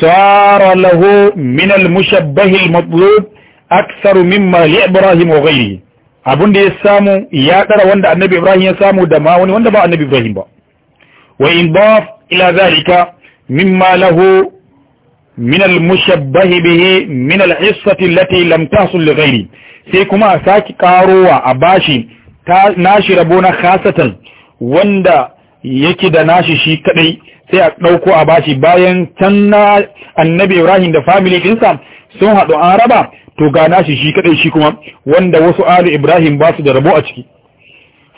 sara lahu min al-mushabbah al-matlub akthar mimma li ibrahim wa ghayrihi abun da ya samu ya dara wanda annabi ibrahim ya samu da ma wani wanda ba annabi ibrahim ba wa in daf ila zalika mimma lahu min al-mushabbah bihi min al-hissati allati lam tahsul li sai kuma a saki karowa a bashi nashi rabo na khasatan wanda yake da nashi shi kadai sai a dauko a bashi bayan can na annabi Ibrahim da family dinsa sun hadu an raba to ga nashi shi kadai shi kuma wanda wasu alu Ibrahim basu da rabo a ciki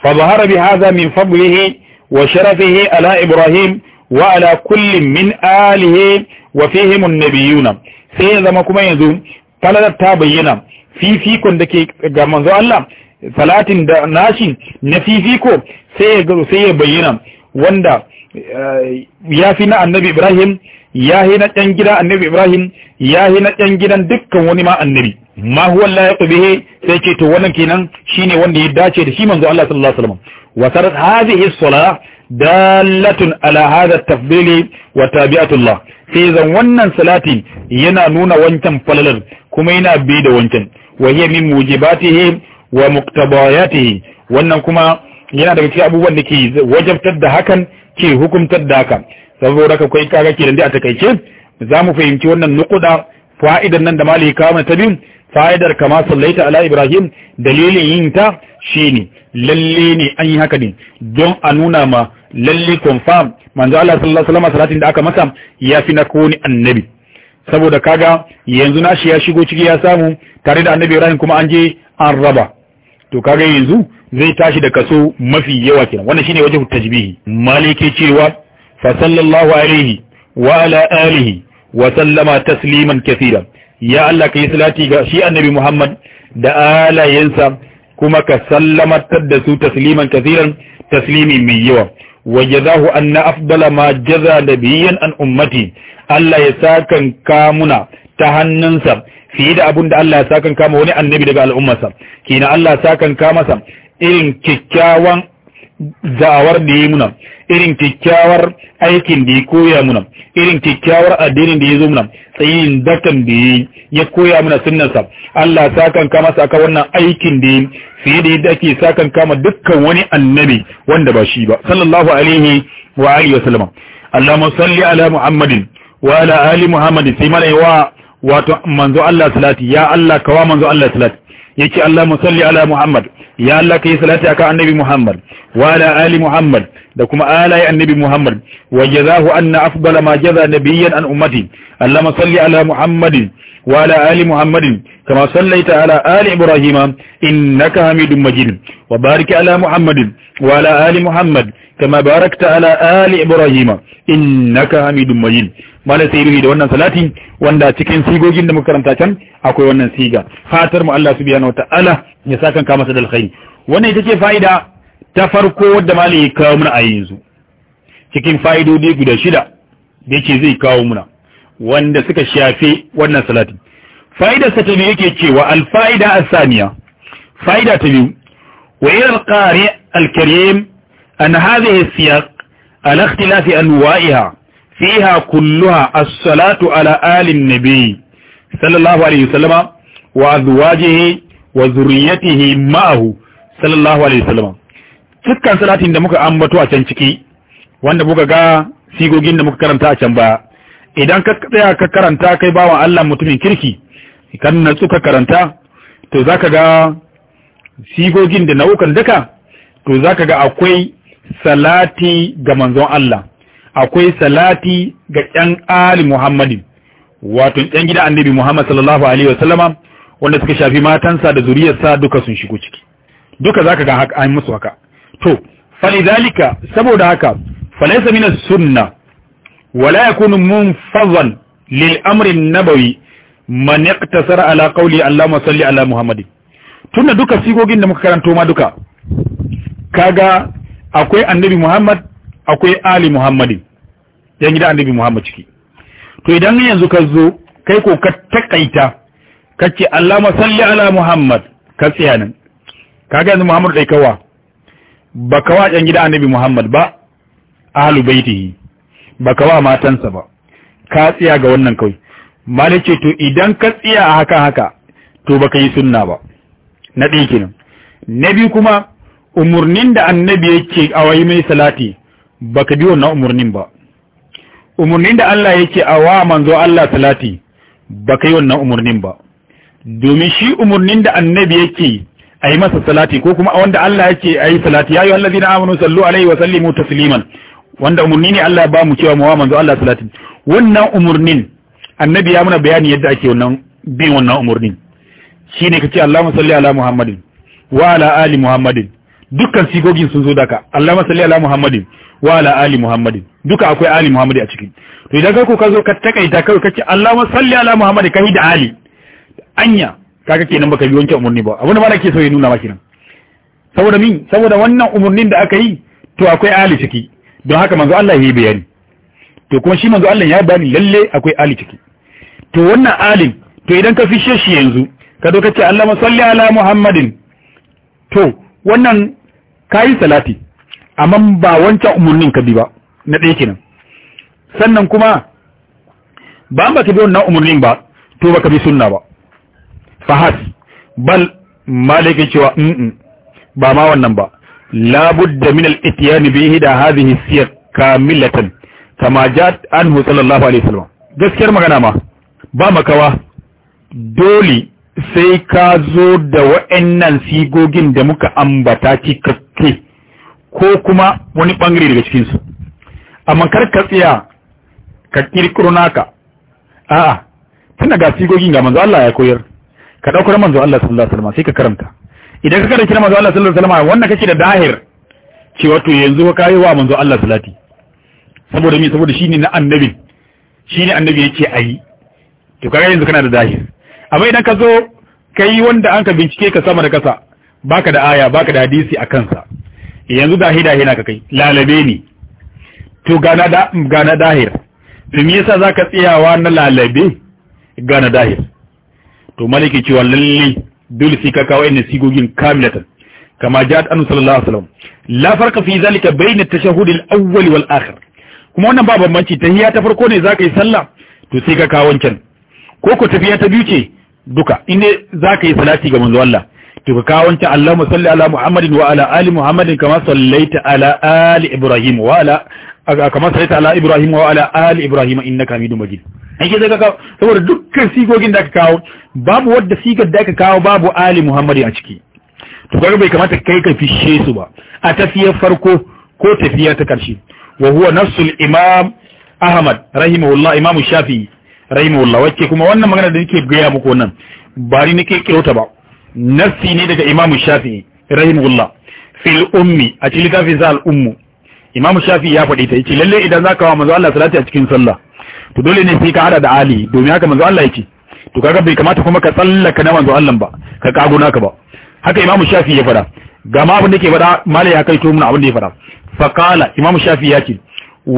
fa zahara bi hadha min fadlihi wa sharafihi ala Ibrahim wa ala kullin min alihe wa fihim annabiyuna sai ya zama kuma yanzu falalar ta bayyana fifikon da ke ga manzo Allah salatin da nashi na fifiko sai ya ya bayyana wanda eh, ya fi na annabi Ibrahim ya hi na ɗan gidan annabi Ibrahim ya hi na ɗan gidan dukkan wani ma annabi ma huwa la sai ce to wannan kenan shine wanda ya dace da shi manzo Allah sallallahu alaihi wasallam wa sarat hadhihi as-salah dalatun ala hadha tafdili wa tabi'atullah sai zan wannan salati yana nuna wancan falalar kuma yana bi da wancan wa hiya min mujibatihi wa muqtabayatihi wannan kuma yana daga cikin abubuwan da ke wajabtar da hakan ke hukumtar da haka saboda ka kai kaga kenan a takaice za mu fahimci wannan nukuda fa'idar nan da malika kama ta biyu fa'idar kama sallaita ala ibrahim dalilin yin ta ne lalle ne an yi haka ne don a nuna ma lalle confirm manzo Allah sallallahu alaihi wasallam salatin da aka masa ya fi na ni annabi saboda kaga yanzu nashi ya shigo ciki ya samu tare da annabi Ibrahim kuma an je an raba to kaga yanzu zai tashi da kaso mafi yawa kenan wannan shine wajen tajbihi malike cewa fa sallallahu alaihi wa ala alihi wa sallama tasliman kathira ya Allah kai salati ga shi annabi Muhammad da alayensa kuma ka sallamatar da su tasliman kasiran taslimi mai yawa wajazahu anna afdala ma jaza nabiyyan an ummati Allah ya sakan kamuna ta hannunsa fiye da abun da Allah ya sakan kama wani annabi daga al'ummarsa kina Allah sakan kama irin kyakkyawan. da'awar da ya muna irin kyakkyawar aikin da ya koya muna irin kyakkyawar addinin da ya zo muna tsayin dakan da ya ya koya muna sunnansa Allah sakan kama saka wannan aikin da ya fiye da yadda ake sakan kama dukkan wani annabi wanda ba shi ba sallallahu alaihi wa alihi wa sallama Allahumma salli ala Muhammadin wa ala ali Muhammadin sai mana wa wato manzo Allah salati ya Allah kawa manzo Allah salati yace mu salli ala Muhammad ya Allah kai salati aka annabi Muhammad wa ala ali Muhammad da kuma alayi annabi Muhammad wa jazahu anna afdala ma jaza nabiyyan an ummati Allahumma salli ala Muhammadin wa ala ali Muhammadin kama sallaita ala ali Ibrahim innaka hamidun Majid wa barik ala Muhammadin wa ala ali Muhammad kama barakta ala ali ibrahima innaka hamidum majid malam sai ruhi da wannan salati wanda cikin sigogin da muka can akwai wannan siga fatar mu Allah subhanahu wataala ya saka ka masa da alkhairi wannan ita ce fa'ida ta farko wadda malam ya kawo mana a yanzu cikin fa'idodi guda shida yake zai kawo mana. wanda suka shafe wannan salati Fa'ida sa ta biyu yake cewa alfa'ida asaniya fa'ida ta biyu wa ila alqari alkarim أن هذه السياق على اختلاف أنواعها فيها كلها الصلاة على آل النبي صلى الله عليه وسلم وأزواجه وذريته معه صلى الله عليه وسلم dukkan salatin da muka ambato a can ciki wanda muka ga sigogin da muka karanta a can baya idan ka tsaya ka karanta kai bawa Allah mutumin kirki kan natsu ka karanta to zaka ga sigogin da na'ukan daka, to zaka ga akwai salati ga manzon Allah akwai salati ga ƴan ali Muhammadin wato ƴan gida annabi Muhammad sallallahu alaihi wasallama wanda suka shafi matansa da zuriyarsa duka sun shigo ciki duka zaka ga haka an musu haka to falidhalika saboda haka falaysa min sunna wala yakunu munfazan lil amri nabawi man iqtasara ala qawli allahumma salli ala muhammadin tunda duka sigogin da muka karanto ma duka kaga akwai annabi Muhammad akwai ali Muhammadin yan gida annabi Muhammad ciki to idan yanzu ka zo kai ko ka takaita kace Allahumma salli ala Muhammad ka tsaya nan kaga yanzu Muhammad dai kawa ba kawa yan gida annabi Muhammad ba ahlu baitihi ba kawa matansa ba ka tsaya ga wannan kai malai ce to idan ka tsaya a haka haka to baka yi sunna ba na ɗaya kenan na biyu kuma umurnin da annabi yake a wayi mai salati baka bi wannan umurnin ba umurnin da Allah yake a wa manzo Allah salati baka yi wannan umurnin ba domin shi umurnin da annabi yake a yi masa salati ko kuma a wanda Allah yake a yi salati ya yi wallazi na amanu sallu alaihi wa sallimu tasliman wanda umurni ne Allah ba mu cewa mu wa manzo Allah salati wannan umurnin annabi ya muna bayani yadda ake wannan bin wannan umurnin shine kace Allahumma salli ala Muhammadin wa ala ali Muhammadin dukkan sigogin sun zo daka Allah salli ala Muhammadin wa ala ali Muhammadin duka akwai ali muhammadin a ciki to idan ka ko ka zo ka takaita kai kace Allah salli ala muhammadin, ka da ali anya kaga kenan baka bi wanke umurni ba abin da ba ke so ya nuna maka kenan saboda min saboda wannan umurnin da aka yi to akwai ali ciki don haka manzo Allah yayi bayani to kuma shi manzo Allah ya bani lalle akwai ali ciki to wannan alin to idan ka fishe shi yanzu ka zo ka ce Allah salli ala Muhammadin to wannan kayi salati amma ba wancan umurnin ka bi ba na ɗaya kenan sannan kuma ba ba ka bi wannan umurnin ba to baka bi sunna ba fahas bal malaikin cewa ba ma wannan ba labudda min al-ityan bihi da hadhihi siyar kamilatan kama jat anhu sallallahu alaihi wasallam gaskiyar magana ma ba makawa dole sai ka zo da wa'annan sigogin da muka ambata cikakke ko kuma wani bangare daga cikinsu amma kar ka tsaya ka kirkiro naka a'a tun daga sigogin ga manzo Allah ya koyar ka daukar manzo Allah sallallahu alaihi wasallam sai ka karanta idan ka karanta manzo Allah sallallahu alaihi wasallam wannan kake da dahir cewa to yanzu ka yi wa manzo Allah salati saboda me saboda shine na annabi shine annabi yake ayi to kaga yanzu kana da dahir amma idan ka zo ka yi wanda an ka bincike ka sama da kasa baka da aya baka da hadisi a kansa yanzu da hida na ka kai lalabe ne to gana da gana dahir to me yasa zaka tsayawa na lalabe gana dahir to maliki cewa wallahi dole sai ka kawo inda sigogin kamilatan kama ja'at annu sallallahu alaihi wasallam la farqa fi zalika bayna at-tashahhud al-awwal wal akhir kuma wannan ba bambanci tahiyya ta farko ne zaka yi sallah to sai ka kawo wancan ko ko tafiya ta biyu ce duka inda za ka yi salati ga manzo Allah to ka kawo wancan Allahumma salli ala Muhammadin wa ala ali Muhammadin kama sallaita ala ali Ibrahim wa ala kama sallaita ala Ibrahim wa ala ali Ibrahim innaka Hamidum Majid ake zai ka kawo saboda dukkan sigogin da aka kawo babu wadda sigar da aka kawo babu ali Muhammadin a ciki to kaga bai kamata kai ka fishe su ba a tafiyar farko ko tafiya ta karshe wa huwa nafsul imam Ahmad rahimahullah imam Shafi'i rahimahullah wacce kuma wannan magana da nake gaya muku wannan ba ni nake kirota ba nafsi ne daga imamu shafi'i rahimahullah fil ummi a cikin littafin sa al ummu imamu shafi'i ya faɗi ta yace lalle idan zaka wa manzo Allah salati a cikin sallah to dole ne sai ka hada da ali domin haka manzo Allah yake to kaga bai kamata kuma ka tsallaka na manzo Allah ba ka kago naka ba haka imamu shafi'i ya faɗa ga ma abin da ke faɗa mala ya kai to mun abin da ya faɗa fa qala imamu shafi'i ya ce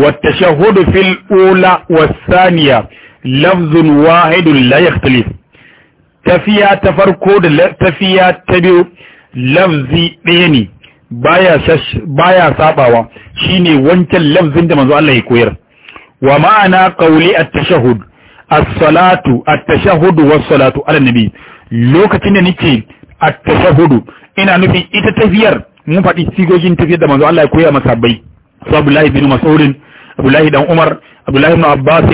wa tashahhudu fil ula was thaniya lafzun wahidun la tafiya ta farko da tafiya ta biyu lafzi ɗaya ne baya shash baya sabawa shine wancan lafzin da manzo Allah ya koyar wa ma'ana qawli at-tashahhud as-salatu at-tashahhud was-salatu ala nabi lokacin da nake at-tashahhud ina nufin ita tafiyar mun faɗi sigogin tafiyar da manzo Allah ya koya masa bai Abdullahi bin Mas'ud Abdullahi dan Umar Abdullahi ibn Abbas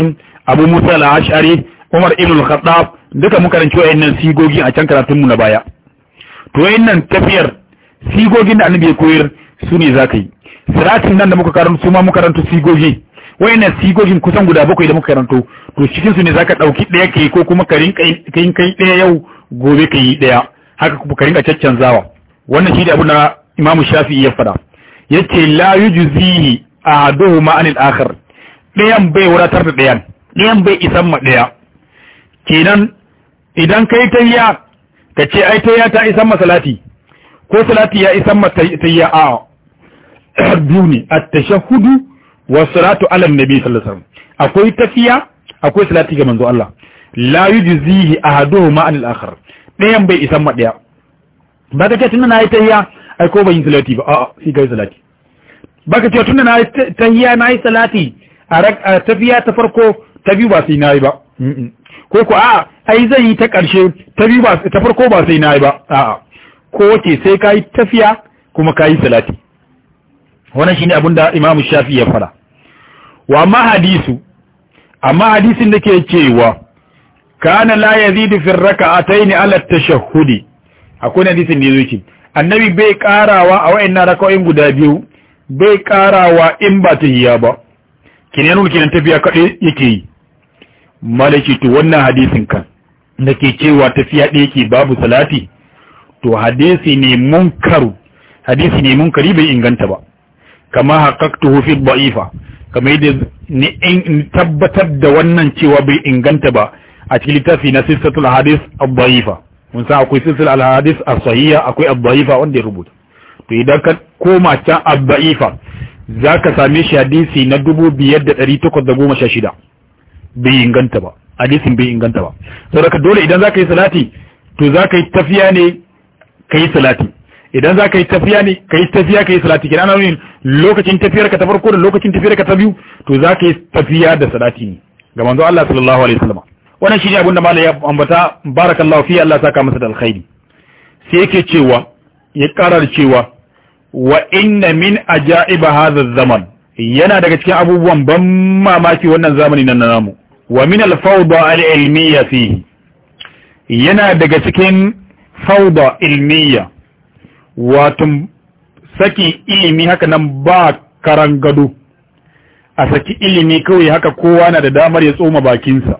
abu musa al-ash'ari umar ibn al-khattab duka muka ranci wayannan sigogin a can karatun mu na baya to wayannan tafiyar sigogin da annabi ya koyar su ne ka yi siratin nan da muka karanto su ma muka karanta sigogi wayannan sigogin kusan guda bakwai da muka karanto to cikin su ne zaka dauki daya kai ko kuma ka rinka kai kai daya yau gobe ka yi daya haka ka rinka zawa. wannan shi da abu na imamu shafi'i ya fara yace la yujzihi ahaduhuma ma'anil akhar dayan bai wadatar da ɗayan. ɗayan bai isan ma ɗaya kenan idan kai tayya ka ce ai tayya ta isan ma salati ko salati ya isan ma tayya a biyu ne at-tashahhudu wa salatu Alam nabi sallallahu alaihi wasallam akwai tafiya akwai salati ga manzo Allah la yujzihi ahaduhuma anil akhar ɗayan bai isan ma ɗaya ba ka ce tunda na yi tayya ai ko ban yi salati ba a'a sai kai salati ba ce tunda na yi tayya na yi salati a tafiya ta farko ta biyu ba sai na yi ba ko ko a'a ai zan yi ta ƙarshe ta biyu ba ta farko ba sai yi ba a'a ko wace sai kai tafiya kuma kai salati wannan shine abin da Imam Shafi ya fara wa amma hadisu amma hadisin da ke cewa kana la ta fi ni ala shahudi. akwai hadisin da yake annabi bai karawa a wayannan raka'o'in guda biyu bai karawa in ba ta ya ba kinan kinan tafiya kaɗai yake yi malaki to wannan hadisin kan da ke cewa tafiya ɗaya ke babu salati to hadisi ne munkaru hadisi ne munkari bai inganta ba kama haqqaqtuhu fi ba'ifa, kama yadda ni tabbatar da wannan cewa bai inganta ba a cikin littafi na silsilatul hadis ad mun san akwai silsilatul alhadis a sahiha akwai ad-dha'ifa wanda ya rubuta to idan ka koma can ad za zaka same shi hadisi na da shida. bai inganta ba hadisin bai inganta ba saboda dole idan zaka yi salati to zaka yi tafiya ne kai salati idan zaka yi tafiya ne kai tafiya kai salati kina nan lokacin tafiyar ka ta farko da lokacin tafiyar ka ta biyu to zaka yi tafiya da salati ne ga manzo Allah sallallahu alaihi wasallam wannan shine abin da malai ya ambata barakallahu fi Allah saka masa da alkhairi sai yake cewa ya karar cewa wa inna min ajaiba hadha zaman yana daga cikin abubuwan ban mamaki wannan zamani nan namu wa min al-fawda al yana daga cikin fawda ilmiyya watan saki ilimi haka nan ba karangado. a saki ilimi kawai haka kowa na da damar ya tsoma bakinsa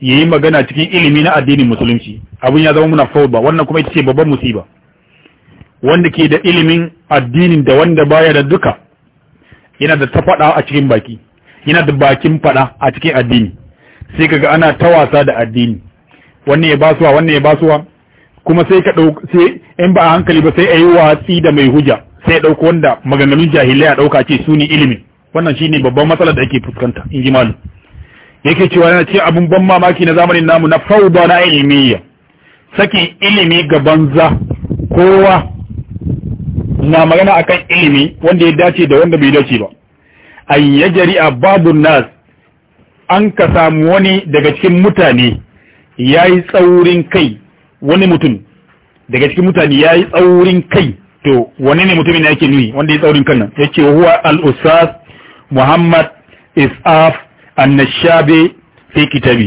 yayi magana cikin ilimi na addinin musulunci Abin ya zama muna fawda wannan kuma ita ce babban musiba wanda ke da ilimin addini da wanda baya da duka yana da ta faɗa a cikin baki yana da bakin faɗa a cikin addini sai kaga ana ta wasa da addini wannan ya basuwa wannan ya basuwa kuma sai ka sai in ba a hankali ba sai ayi watsi da mai hujja sai ya dauko wanda maganganun jahilai a dauka ce su ne ilimi wannan shine babban matsalar da ake fuskanta in ji malu yake cewa yana ce abun ban mamaki na zamanin namu na fauda na ilimiyya sakin ilimi ga banza kowa na magana akan ilimi wanda ya dace da wanda bai dace ba an yajari a babu nas an ka samu wani daga cikin mutane ya yi tsaurin kai wani mutum daga cikin mutane ya yi tsaurin kai to wani ne mutumin yake nuni wanda ya tsaurin kan nan ya ce huwa al ustaz muhammad isaf annashabe fi kitabi